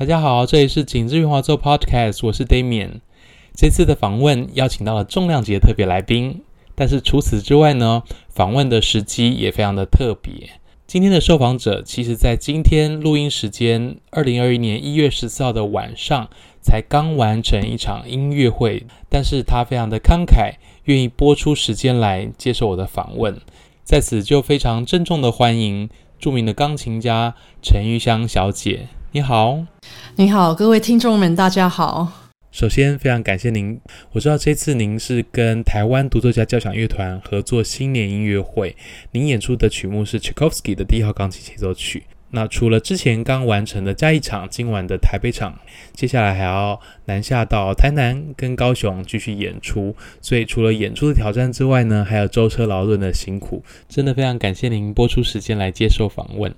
大家好，這裡是緊緻圓滑奏 Podcast，我是 Damien。這次的訪問邀請到了重量級的特別來賓，但是除此之外呢，訪問的時機也非常的特別。今天的受訪者其實，在今天錄音時間，二零二一年一月十四號的晚上，才剛完成一場音樂會，但是他非常的慷慨，願意撥出時間來接受我的訪問。在此就非常鄭重的歡迎著名的鋼琴家陳毓襄小姐。你好，你好，各位聽眾們，大家好。首先非常感謝您。我知道這次您是跟台灣獨奏家交響樂團合作新年音樂會，您演出的曲目是 Tchaikovsky 的第一號鋼琴協奏曲。那除了之前剛完成的嘉義場，今晚的台北場，接下來還要南下到台南跟高雄繼續演出。所以除了演出的挑戰之外呢，還有舟車勞頓的辛苦。真的非常感謝您撥出時間來接受訪問。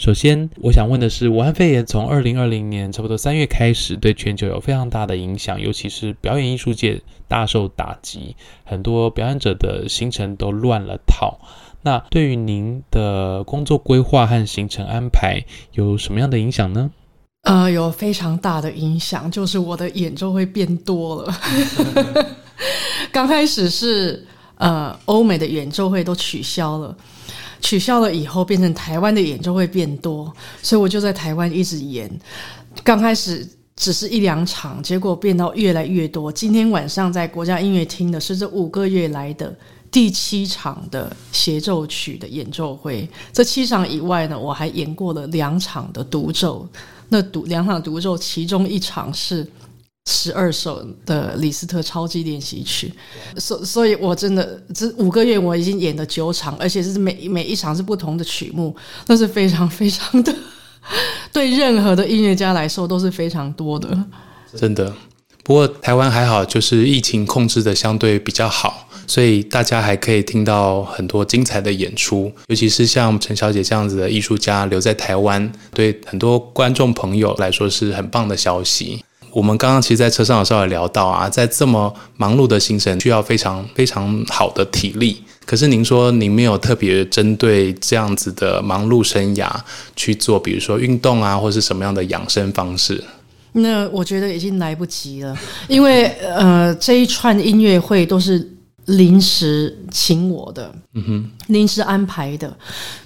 首先，我想問的是，武漢肺炎從二零二零年差不多三月開始，對全球有非常大的影響，尤其是表演藝術界大受打擊，很多表演者的行程都亂了套。那對於您的工作規劃和行程安排有什麼樣的影響呢？呃，有非常大的影響，就是我的演奏會變多了。 剛開始是呃，歐美的演奏會都取消了。取消了以後，變成台灣的演奏會變多，所以我就在台灣一直演。剛開始只是一兩場，結果變到越來越多。今天晚上在國家音樂廳的是這五個月來的第七場的協奏曲的演奏會。這七場以外呢，我還演過了兩場的獨奏。那獨兩場獨奏，其中一場是。十二首的李斯特超級練習曲，所所以我真的這五個月我已經演了九場，而且是每每一場是不同的曲目，那是非常非常的對任何的音樂家來說都是非常多的。真的，不過台灣還好，就是疫情控制的相對比較好，所以大家還可以聽到很多精彩的演出，尤其是像陳小姐這樣子的藝術家留在台灣，對很多觀眾朋友來說是很棒的消息。我們剛剛其實，在車上有稍微聊到啊，在這麼忙碌的行程，需要非常非常好的體力。可是您說您沒有特別針對這樣子的忙碌生涯去做，比如說運動啊，或是什麼樣的養生方式？那我覺得已經來不及了，因為呃，這一串音樂會都是。臨時請我的。嗯哼，臨時安排的，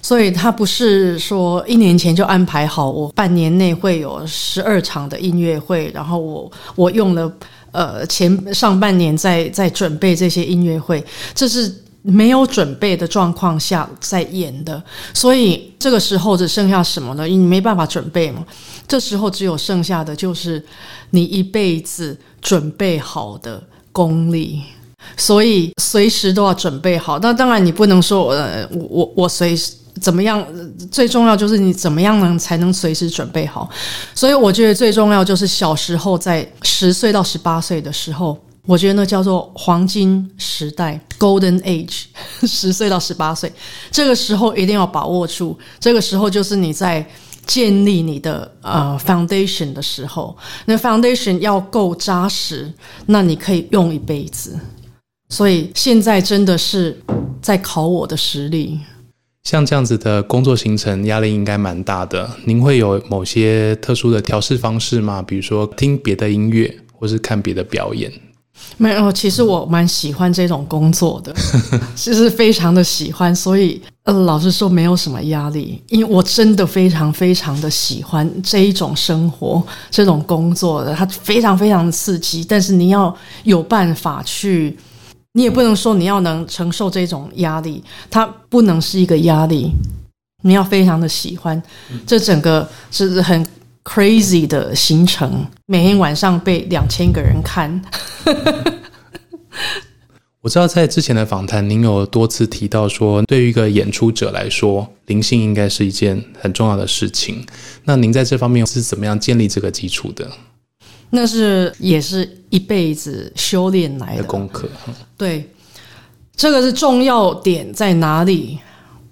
所以他不是說一年前就安排好，我半年內會有十二場的音樂會，然後我我用了呃前上半年在在準備這些音樂會，這是沒有準備的狀況下在演的，所以這個時候只剩下什麼呢？你沒辦法準備嘛，這時候只有剩下的就是你一輩子準備好的功力。所以隨時都要準備好。那當然，你不能說，呃，我我我隨時怎麼樣？最重要就是你怎麼樣能才能隨時準備好。所以我覺得最重要就是小時候在十歲到十八歲的時候，我覺得那叫做黃金時代 （Golden Age）。十歲到十八歲，這個時候一定要把握住。這個時候就是你在建立你的呃、uh, foundation 的時候，那 foundation 要夠紮實，那你可以用一輩子。所以現在真的是在考我的實力。像這樣子的工作行程，壓力應該蠻大的。您會有某些特殊的調試方式嗎？比如說聽別的音樂，或是看別的表演？沒有，其實我蠻喜歡這種工作的， 其實非常的喜歡。所以，呃，老實說，沒有什麼壓力，因為我真的非常非常的喜歡這一種生活，這種工作的，它非常非常的刺激。但是，你要有辦法去。你也不能說你要能承受這種壓力，它不能是一個壓力，你要非常的喜歡，這整個是很 crazy 的行程，每天晚上被兩千個人看。 我知道在之前的訪談，您有多次提到說，對於一個演出者來說，靈性應該是一件很重要的事情。那您在這方面是怎麼樣建立這個基礎的？那是也是一輩子修煉來的功課。嗯、對，這個是重要點在哪裡？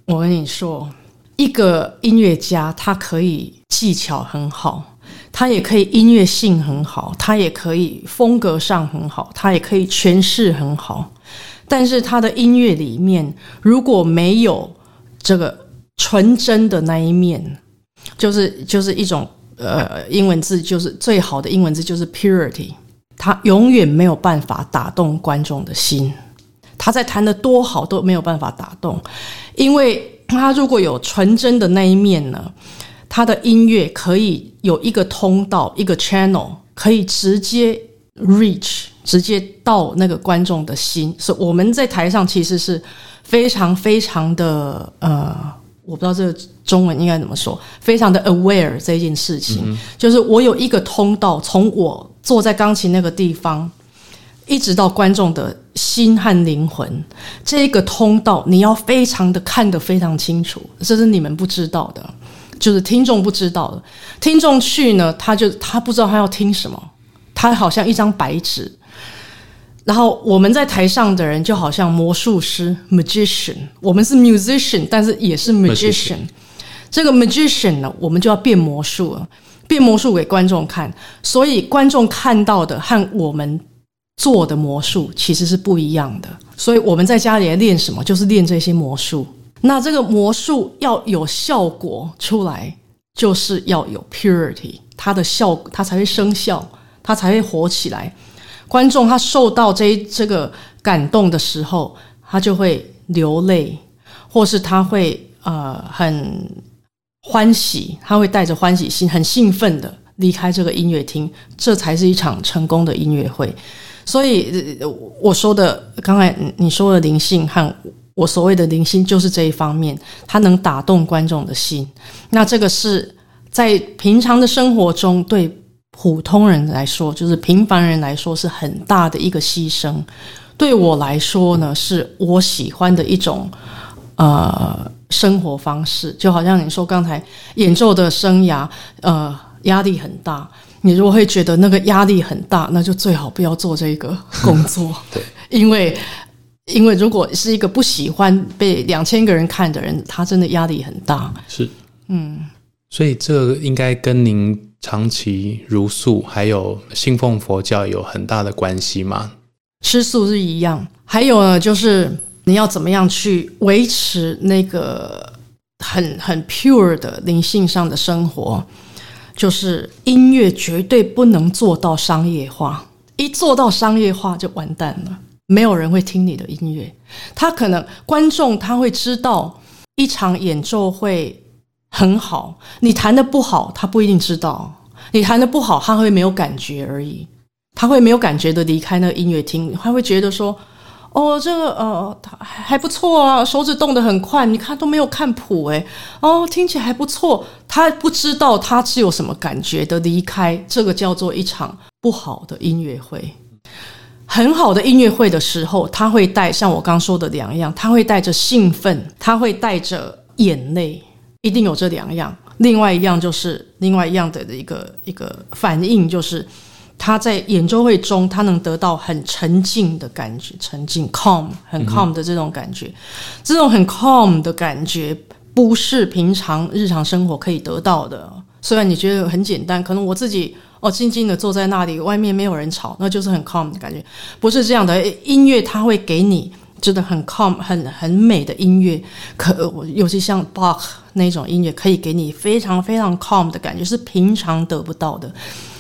我跟你說，一個音樂家，他可以技巧很好，他也可以音樂性很好，他也可以風格上很好，他也可以詮釋很好，但是他的音樂裡面如果沒有這個純真的那一面，就是就是一種。呃，英文字就是最好的英文字就是 purity，他永遠沒有辦法打動觀眾的心，他在彈得多好都沒有辦法打動，因為他如果有純真的那一面呢，他的音樂可以有一個通道，一個 channel 可以直接 reach，直接到那個觀眾的心。所以我們在台上其實是非常非常的呃。我不知道這個中文應該怎麼說，非常的 aware 這件事情，就是我有一個通道，從我坐在鋼琴那個地方，一直到觀眾的心和靈魂，這個通道，你要非常的看得非常清楚，這是你們不知道的，就是聽眾不知道的，聽眾去呢，他就他不知道他要聽什麼，他好像一張白紙。然後我們在台上的人就好像魔術師 magician，我們是 musician，但是也是 magician。Magician。這個 magician 呢，我們就要變魔術了，變魔術給觀眾看。所以觀眾看到的和我們做的魔術其實是不一樣的。所以我們在家裡來練什麼，就是練這些魔術。那這個魔術要有效果出來，就是要有 purity，它的效果它才會生效，它才會火起來。觀眾他受到這這個感動的時候，他就會流淚，或是他會呃很歡喜，他會帶着歡喜心、很興奮地離開這個音樂廳，這才是一場成功的音樂會。所以我說的剛才你說的靈性和我所謂的靈性，就是這一方面，它能打動觀眾的心。那這個是在平常的生活中對。普通人來說，就是平凡人來說是很大的一個犧牲。對我來說呢，是我喜歡的一種呃生活方式。就好像你說剛才演奏的生涯，呃，壓力很大。你如果會覺得那個壓力很大，那就最好不要做這個工作。 對，因為因為如果是一個不喜歡被兩千個人看的人，他真的壓力很大。是，嗯。所以，這應該跟您長期茹素，還有信奉佛教有很大的關係嗎？吃素是一樣，還有呢，就是你要怎麼樣去維持那個很很 pure 的靈性上的生活？就是音樂絕對不能做到商業化，一做到商業化就完蛋了，沒有人會聽你的音樂。他可能觀眾他會知道一場演奏會。很好，你彈得不好，他不一定知道。你彈得不好，他會沒有感覺而已，他會沒有感覺的離開那個音樂廳，他會覺得說：“哦，這個呃，還還不錯啊，手指動得很快，你看都沒有看譜誒，欸，哦，聽起來還不錯。”他不知道他是有什麼感覺的離開，這個叫做一場不好的音樂會。很好的音樂會的時候，他會帶像我剛說的兩樣，他會帶着興奮，他會帶着眼淚。一定有這兩樣，另外一樣就是另外一樣的一個一個反應，就是他在演奏會中，他能得到很沉靜的感覺，沉靜，calm，很 calm 的這種感覺，嗯、哼這種很 calm 的感覺不是平常日常生活可以得到的。雖然你覺得很簡單，可能我自己哦靜靜的坐在那裡，外面沒有人吵，那就是很 calm 的感覺，不是這樣的，欸、音樂他會給你。真的很 calm，很很美的音樂，可尤其像 Bach 那種音樂，可以給你非常非常 calm 的感覺，是平常得不到的。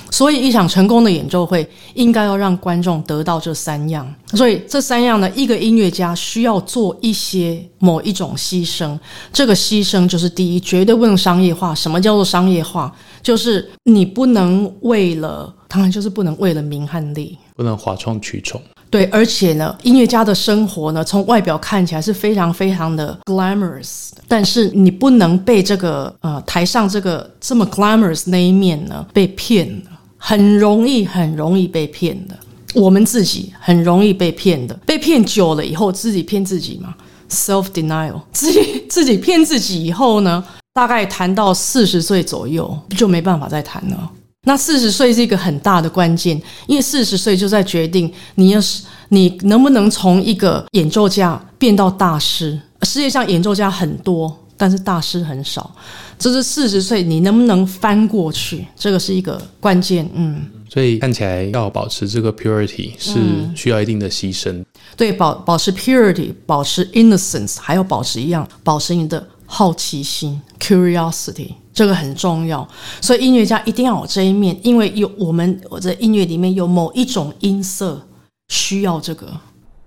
所以，一場成功的演奏會應該要讓觀眾得到這三樣。所以，這三樣呢，一個音樂家需要做一些某一種犧牲。這個犧牲就是第一，絕對不能商業化。什麼叫做商業化？就是你不能為了，當然就是不能為了名和利，不能嘩眾取寵。對，而且呢，音樂家的生活呢，從外表看起來是非常非常的 glamorous，但是你不能被這個呃台上這個這麼 glamorous 那一面呢被騙了，很容易很容易被騙的，我們自己很容易被騙的，被騙久了以後自己騙自己嘛，self-denial，自己自己騙自己以後呢，大概彈到四十歲左右就沒辦法再彈了。那四十歲是一個很大的關鍵，因為四十歲就在決定你要是你能不能從一個演奏家變到大師。世界上演奏家很多，但是大師很少。這、就是四十歲你能不能翻過去？這個是一個關鍵。嗯，所以看起來要保持這個 purity 是需要一定的犧牲、嗯。對，保保持 purity，保持 innocence，還要保持一樣，保持你的好奇心 curiosity。這個很重要，所以音樂家一定要有這一面，因為有我們我在音樂裡面有某一種音色需要這個。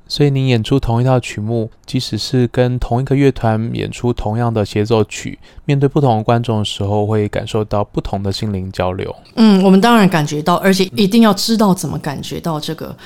所以您演出同一套曲目，即使是跟同一個樂團演出同樣的協奏曲，面對不同的觀眾的時候，會感受到不同的心靈交流。嗯，我們當然感覺到，而且一定要知道怎麼感覺到這個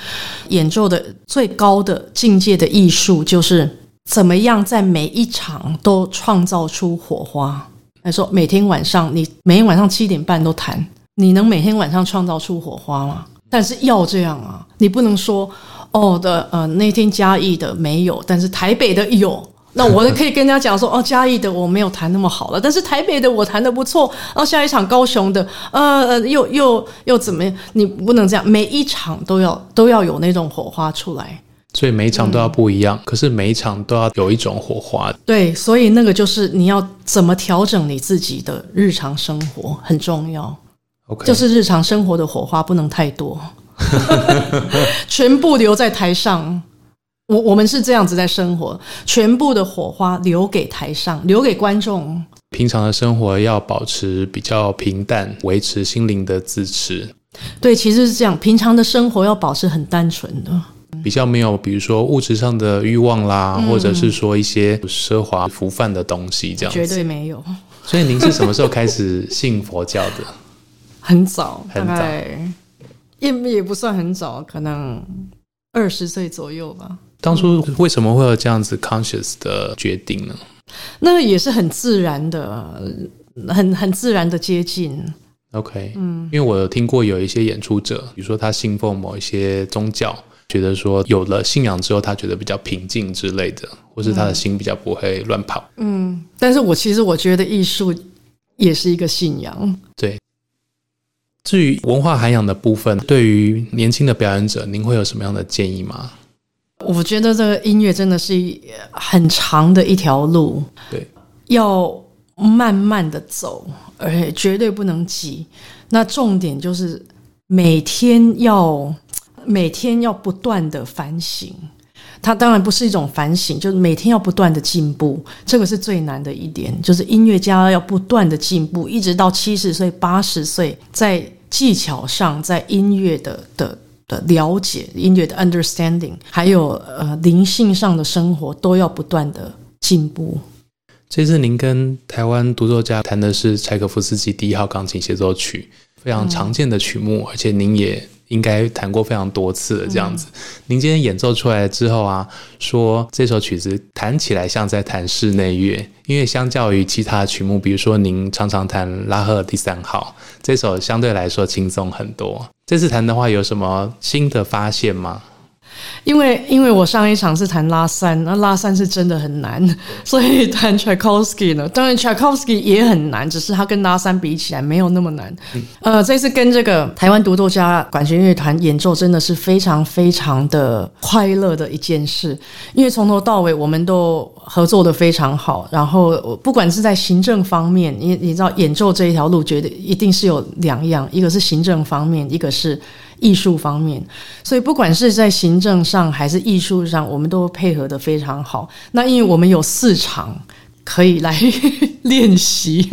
演奏的最高的境界的藝術，就是怎麼樣在每一場都創造出火花。來說，每天晚上你每天晚上七點半都彈，你能每天晚上創造出火花嗎？但是要這樣啊，你不能說哦的呃，那天嘉義的沒有，但是台北的有，那我可以跟人家講說哦，嘉義的我沒有彈那麼好了，但是台北的我彈的不錯。然後下一場高雄的，呃呃，又又又怎麼樣？你不能這樣，每一場都要都要有那種火花出來。所以每一場都要不一樣，嗯，可是每一場都要有一種火花。對，所以那個就是你要怎麼調整你自己的日常生活很重要。Okay. 就是日常生活的火花不能太多， 全部留在台上。我我們是這樣子在生活，全部的火花留給台上，留給觀眾。平常的生活要保持比較平淡，維持心靈的支持。對，其實是這樣，平常的生活要保持很單純的。比較沒有，比如說物質上的慾望啦，嗯、或者是說一些奢華浮泛的東西，這樣子絕對沒有。 所以您是什麼時候開始信佛教的？很早，很早。也也不算很早，可能二十歲左右吧。當初為什麼會有這樣子 conscious 的決定呢？那個也是很自然的，很很自然的接近。OK，嗯，因為我有聽過有一些演出者，比如說他信奉某一些宗教。覺得說有了信仰之後，他覺得比較平靜之類的，嗯、或是他的心比較不會亂跑。嗯，但是我其實我覺得藝術也是一個信仰。對。至於文化涵養的部分，對於年輕的表演者，您會有什麼樣的建議嗎？我覺得這個音樂真的是很長的一條路，對，要慢慢的走，而且絕對不能急。那重點就是每天要。每天要不斷的反省，它當然不是一種反省，就是每天要不斷的進步，這個是最難的一點。就是音樂家要不斷的進步，一直到七十歲、八十歲，在技巧上、在音樂的的的了解、音樂的 understanding，還有呃靈性上的生活，都要不斷的進步。這次您跟台灣獨奏家談的是柴可夫斯基第一號鋼琴協奏曲，非常常見的曲目，嗯。而且您也。應該彈過非常多次了，這樣子。嗯、您今天演奏出來之後啊，說這首曲子彈起來像在彈室內樂，因為相較於其他曲目，比如說您常常彈拉赫第三號，這首相對來說輕鬆很多。這次彈的話，有什麼新的發現嗎？因為，因為我上一場是彈拉三，那拉三是真的很難，所以彈柴可夫斯基呢，當然柴可夫斯基也很難，只是他跟拉三比起來沒有那麼難。嗯、呃，這次跟這個台灣獨奏家管弦樂團演奏，真的是非常非常的快樂的一件事，因為從頭到尾我們都合作的非常好，然後不管是在行政方面，你你知道演奏這一條路，覺得一定是有兩樣，一個是行政方面，一個是。藝術方面，所以不管是在行政上還是藝術上，我們都配合得非常好。那因為我們有四場可以來練 習，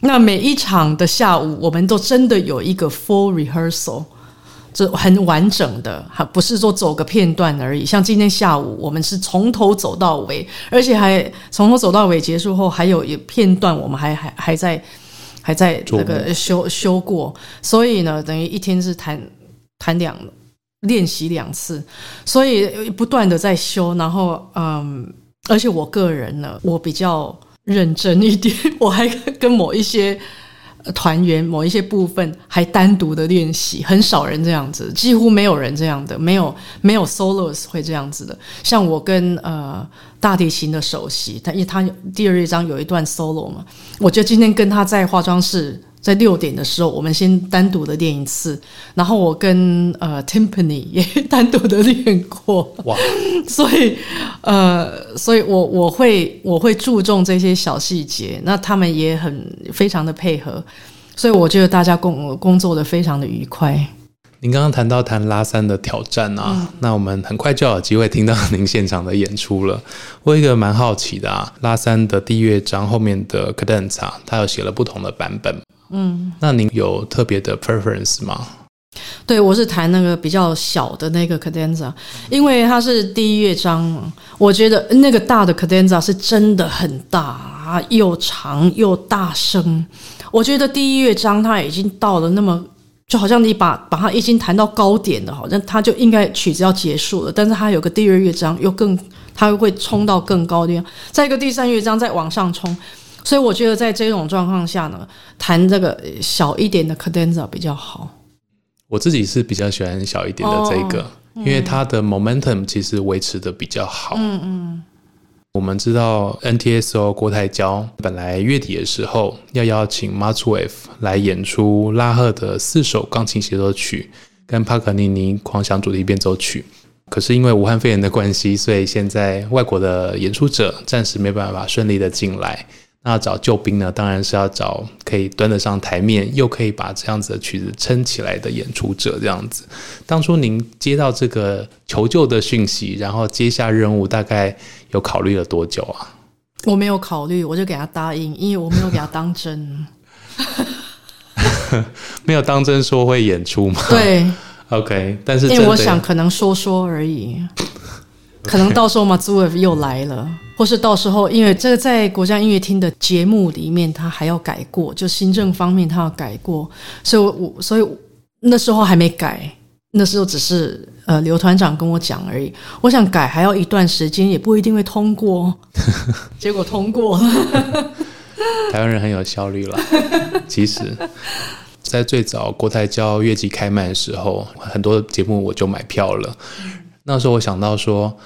那每一場的下午，我們都真的有一個 full rehearsal，這很完整的，還不是說走個片段而已。像今天下午，我們是從頭走到尾，而且還從頭走到尾結束後，還有一片段我們還還還在還在那個修修過。所以呢，等於一天是談。談兩練習兩次，所以不斷的在修。然後，嗯，而且我個人呢，我比較認真一點。我還跟某一些團員、某一些部分還單獨的練習。很少人這樣子，幾乎沒有人這樣的，沒有沒有 solos 會這樣子的。像我跟呃大提琴的首席，他因為他第二樂章有一段 solo 嘛，我就今天跟他在化妝室。在六點的時候，我們先單獨的練一次，然後我跟呃 Timpani 也單獨的練過。哇！Wow. 所以呃，所以我我會我會注重這些小細節，那他們也很非常的配合，所以我覺得大家工工作的非常的愉快。您剛剛談到彈拉三的挑戰啊，嗯、那我們很快就要有機會聽到您現場的演出了。我有一個蠻好奇的啊，拉三的第一樂章後面的 cadenza，它有寫了不同的版本，嗯，那您有特別的 preference 嗎？對，我是彈那個比較小的那個 cadenza，嗯、因為它是第一樂章，我覺得那個大的 cadenza 是真的很大，又長，又大聲。我覺得第一樂章它已經到了那麼。就好像你把把它已經彈到高點了，好像它就應該曲子要結束了，但是它有個第二樂章又更它又會衝到更高的，再一個第三樂章再往上衝，所以我覺得在這種狀況下呢，彈這個小一點的 cadenza 比較好。我自己是比較喜歡小一點的這個，哦嗯，因為它的 momentum 其實維持得比較好。嗯嗯。嗯我們知道 NTSO 國臺交本來月底的時候要邀請 Matsuev 來演出拉赫的四首鋼琴協奏曲跟帕格尼尼狂想主題變奏曲，可是因為武漢肺炎的關係，所以現在外國的演出者暫時沒辦法順利的進來。那要找救兵呢？當然是要找可以端得上台面，又可以把這樣子的曲子撐起來的演出者。這樣子，當初您接到這個求救的訊息，然後接下任務，大概有考慮了多久啊？我沒有考慮，我就給他答應，因為我沒有給他當真， 沒有當真說會演出嗎？對，OK，但是、啊、因為我想可能說說而已。 可能到時候 Matsuev 又來了，Okay 或是到時候因為這個在國家音樂廳的節目裡面，他還要改過，就行政方面他要改過，所以我所以我那時候還沒改，那時候只是呃劉團長跟我講而已。我想改還要一段時間，也不一定會通過。 結果通過了， 嗯、台灣人很有效率了。 其實，在最早國台交樂季開賣的時候，很多節目我就買票了。那時候我想到說。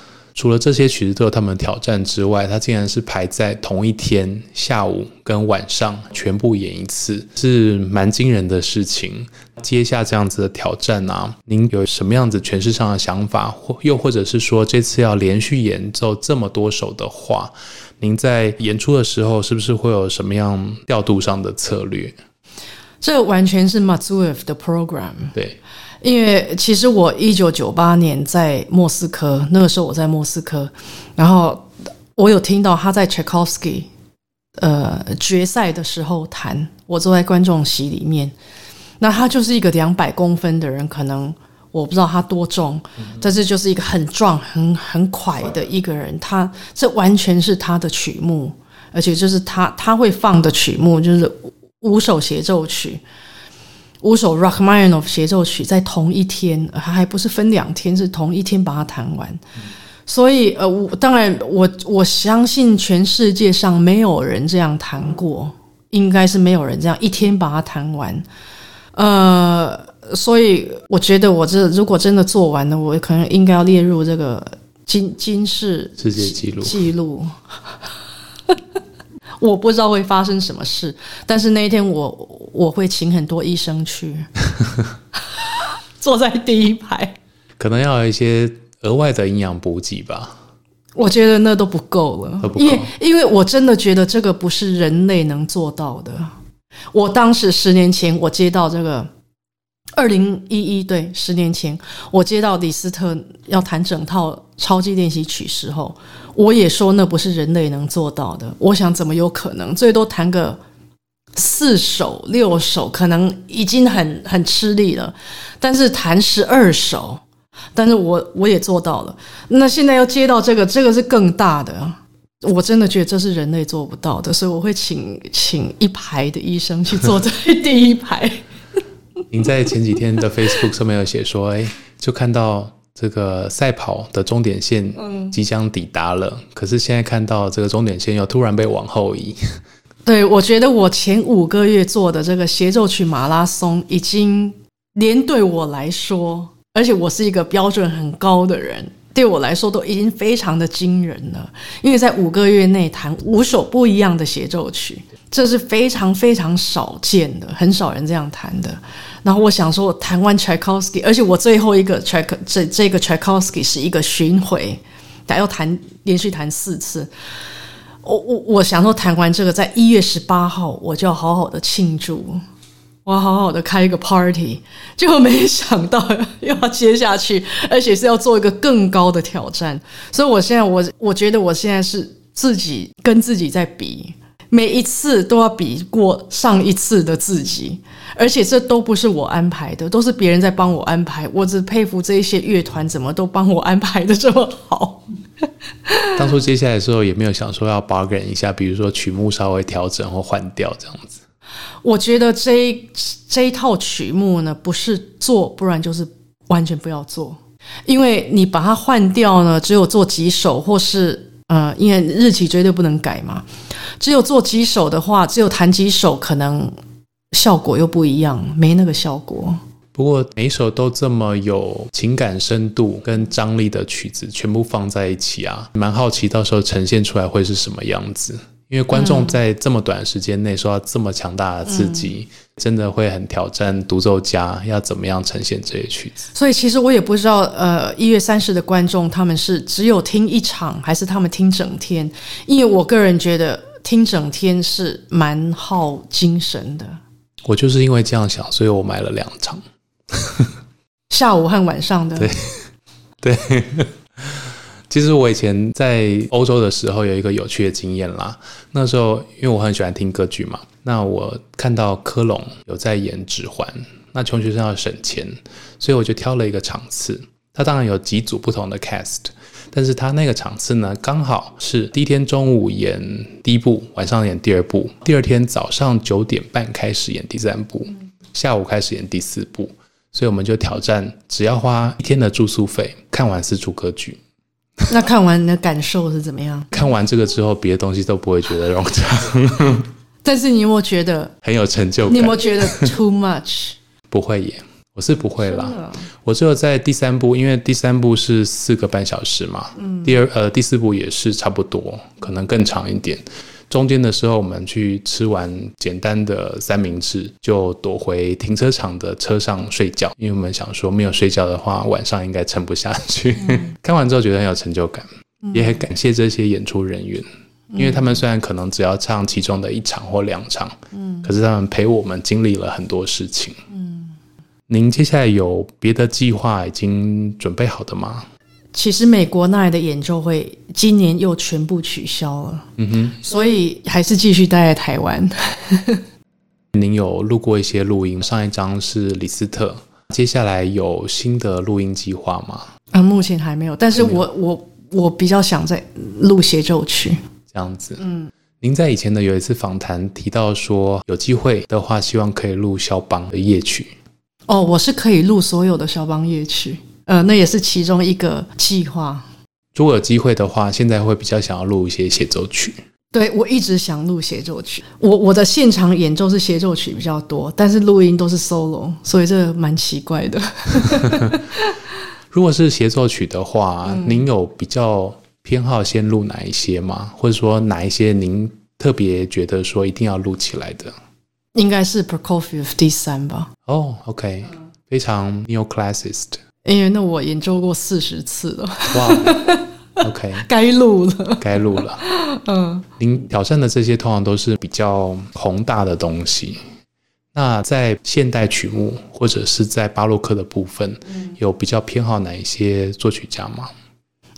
除了這些曲子都有他們的挑戰之外，他竟然是排在同一天下午跟晚上全部演一次，是蠻驚人的事情。接下這樣子的挑戰呢、啊，您有什麼樣子詮釋上的想法，或又或者是說，這次要連續演奏這麼多首的話，您在演出的時候是不是會有什麼樣調度上的策略？這完全是 Matsuev 的 program。對。因為其實我一九九八年在莫斯科，那個時候我在莫斯科，然後我有聽到他在柴可夫斯基呃決賽的時候彈，我坐在觀眾席裡面，那他就是一個兩百公分的人，可能我不知道他多重，嗯、哼但是就是一個很壯、很很快的一個人，他這完全是他的曲目，而且就是他他會放的曲目就是五,五首協奏曲。五首拉赫曼尼諾夫協奏曲在同一天，還還不是分兩天，是同一天把它彈完。嗯、所以，呃，我當然我，我我相信全世界上沒有人這樣彈過，應該是沒有人這樣一天把它彈完。呃，所以我覺得，我這如果真的做完了，我可能應該要列入這個金、金氏世界紀錄紀錄。紀錄 我不知道會發生什麼事，但是那一天我我會請很多醫生去 坐在第一排，可能要有一些額外的營養補給吧。我覺得那都不夠了，夠，因為因為我真的覺得這個不是人類能做到的。我當時十年前我接到這個二零一一對，十年前我接到李斯特要談整套，超級練習曲時候，我也說那不是人類能做到的。我想怎麼有可能？最多彈個四首、六首，可能已經很很吃力了。但是彈十二首，但是我我也做到了。那現在要接到這個，這個是更大的。我真的覺得這是人類做不到的，所以我會請請一排的醫生去坐在第一排。您 在前幾天的 Facebook 上面有寫說，哎，就看到。這個賽跑的終點線即將抵達了。嗯、可是現在看到這個終點線又突然被往後移。對，我覺得我前五個月做的這個協奏曲馬拉松，已經連對我來說，而且我是一個標準很高的人，對我來說都已經非常的驚人了。因為在五個月內彈五首不一樣的協奏曲，這是非常非常少見的，很少人這樣彈的。然後我想說，我彈完柴可夫斯基，而且我最後一個柴，這這個柴可夫斯基是一個巡回，得要彈連續彈四次。我我我想說，彈完這個，在一月十八號，我就要好好的慶祝，我要好好的開一個 party。結果沒想到又要接下去，而且是要做一個更高的挑戰。所以，我現在我我覺得我現在是自己跟自己在比。每一次都要比過上一次的自己，而且這都不是我安排的，都是別人在幫我安排。我只佩服這一些樂團怎麼都幫我安排得這麼好。 當初接下來的時候也沒有想說要 bargain 一下，比如說曲目稍微調整或換掉這樣子。我覺得這一這一套曲目呢，不是做，不然就是完全不要做，因為你把它換掉呢，只有做幾首或是。呃、嗯，因為日期絕對不能改嘛，只有做幾首的話，只有彈幾首，可能效果又不一樣，沒那個效果。不過每首都這麼有情感深度跟張力的曲子，全部放在一起啊，蠻好奇到時候呈現出來會是什麼樣子。因為觀眾在這麼短時間內受到這麼強大的刺激，嗯嗯、真的會很挑戰獨奏家要怎麼樣呈現這些曲子。所以其實我也不知道，呃，一月三十的觀眾他們是只有聽一場，還是他們聽整天？因為我個人覺得聽整天是蠻耗精神的。我就是因為這樣想，所以我買了兩場， 下午和晚上的。對，對。其實我以前在歐洲的時候有一個有趣的經驗啦。那時候因為我很喜歡聽歌劇嘛，那我看到科隆有在演《指環》，那窮學生要省錢，所以我就挑了一個場次。他當然有幾組不同的 cast，但是他那個場次呢，剛好是第一天中午演第一部，晚上演第二部，第二天早上九點半開始演第三部，下午開始演第四部。所以我們就挑戰，只要花一天的住宿費，看完四齣歌劇。那看完你的感受是怎麼樣？看完這個之後，別的東西都不會覺得冗長。 但是你有沒有覺得很有成就感？你有沒有覺得 too much？不會耶，我是不會啦。啊、我只有在第三部，因為第三部是四個半小時嘛。嗯、第二呃，第四部也是差不多，可能更長一點。中間的時候，我們去吃完簡單的三明治，就躲回停車場的車上睡覺，因為我們想說沒有睡覺的話，晚上應該撐不下去。 嗯、看完之後覺得很有成就感，嗯、也很感謝這些演出人員，嗯、因為他們雖然可能只要唱其中的一場或兩場，嗯，可是他們陪我們經歷了很多事情。嗯，您接下來有別的計劃已經準備好的嗎？其實美國那裡的演奏會今年又全部取消了，嗯哼，所以還是繼續待在台灣。 您有錄過一些錄音，上一張是李斯特，接下來有新的錄音計劃嗎？啊、嗯，目前還沒有，但是我我我比較想再錄協奏曲這樣子。嗯，您在以前的有一次訪談提到說，有機會的話，希望可以錄肖邦的夜曲。哦，我是可以錄所有的肖邦夜曲。呃，那也是其中一個計劃。如果有機會的話，現在會比較想要錄一些協奏曲。對我一直想錄協奏曲，我我的現場演奏是協奏曲比較多，但是錄音都是 solo，所以這蠻奇怪的。 如果是協奏曲的話，嗯、您有比較偏好先錄哪一些嗎？或者說哪一些您特別覺得說一定要錄起來的？應該是 Prokofiev 第三吧。哦、oh,，OK，、嗯、非常 neoclassicist 因為那我研究過四十次了。哇 Wow ,，OK，該錄 了，該錄了。嗯，您挑戰的這些通常都是比較宏大的東西。那在現代曲目或者是在巴洛克的部分，嗯、有比較偏好哪一些作曲家嗎？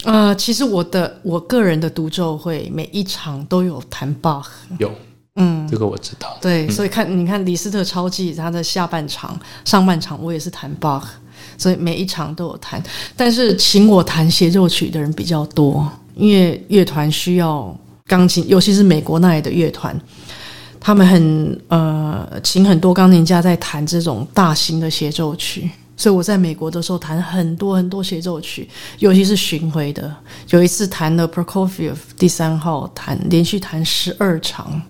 啊、呃，其實我的我個人的獨奏會每一場都有彈巴赫，有，嗯，這個我知道。對，嗯、所以看你看李斯特超技，他的下半場、上半場我也是彈巴赫。所以每一場都有彈，但是請我彈協奏曲的人比較多，因為樂團需要鋼琴，尤其是美國那裡的樂團，他們很呃請很多鋼琴家在彈這種大型的協奏曲。所以我在美國的時候彈很多很多協奏曲，尤其是巡回的。有一次彈了 Prokofiev 第三號彈，彈連續彈十二場。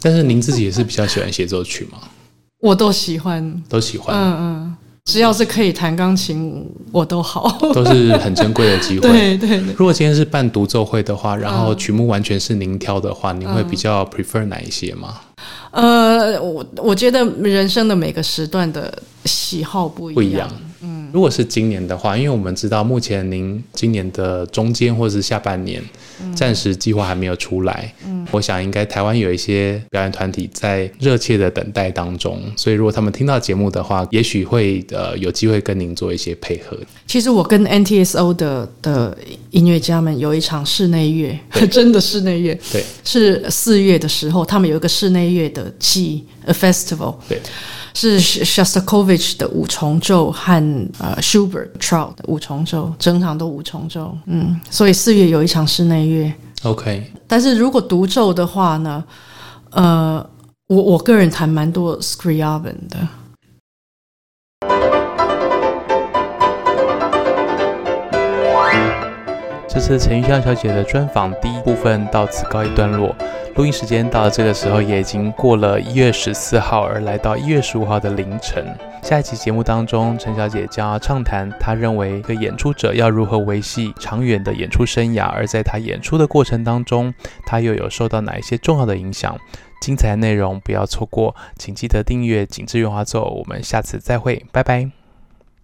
但是您自己也是比較喜歡協奏曲嗎？ 我都喜歡，都喜歡，嗯嗯。只要是可以彈鋼琴，我都好。 都是很珍貴的機會。對 對。對對，如果今天是辦獨奏會的話，嗯、然後曲目完全是您挑的話，嗯、您會比較 prefer 哪一些嗎？呃，我我覺得人生的每個時段的喜好不一樣。不一樣。如果是今年的話，因為我們知道目前您今年的中間或是下半年，暫時計劃，嗯，還沒有出來。嗯、我想應該台灣有一些表演團體在熱切的等待當中，所以如果他們聽到節目的話，也許會呃有機會跟您做一些配合。其實我跟 NTSO 的的音樂家們有一場室內樂，對真的室內樂，對，是四月的時候，他們有一個室內樂的季，呃，festival，對。是 Shostakovich 的五重奏和呃 Schubert Trout 五重奏，整場都五重奏。嗯，所以四月有一場室內樂，OK。但是如果獨奏的話呢，呃，我我個人彈蠻多 Scriabin 的。這次陳毓襄小姐的專訪第一部分到此告一段落。錄音時間到了這個時候，也已經過了一月十四號，而來到一月十五號的凌晨。下一期節目當中，陳小姐將要暢談她認為一個演出者要如何維繫長遠的演出生涯，而在她演出的過程當中，她又有受到哪一些重要的影響？精彩內容不要錯過，請記得訂閱《緊緻圓滑奏》，我們下次再會，拜拜。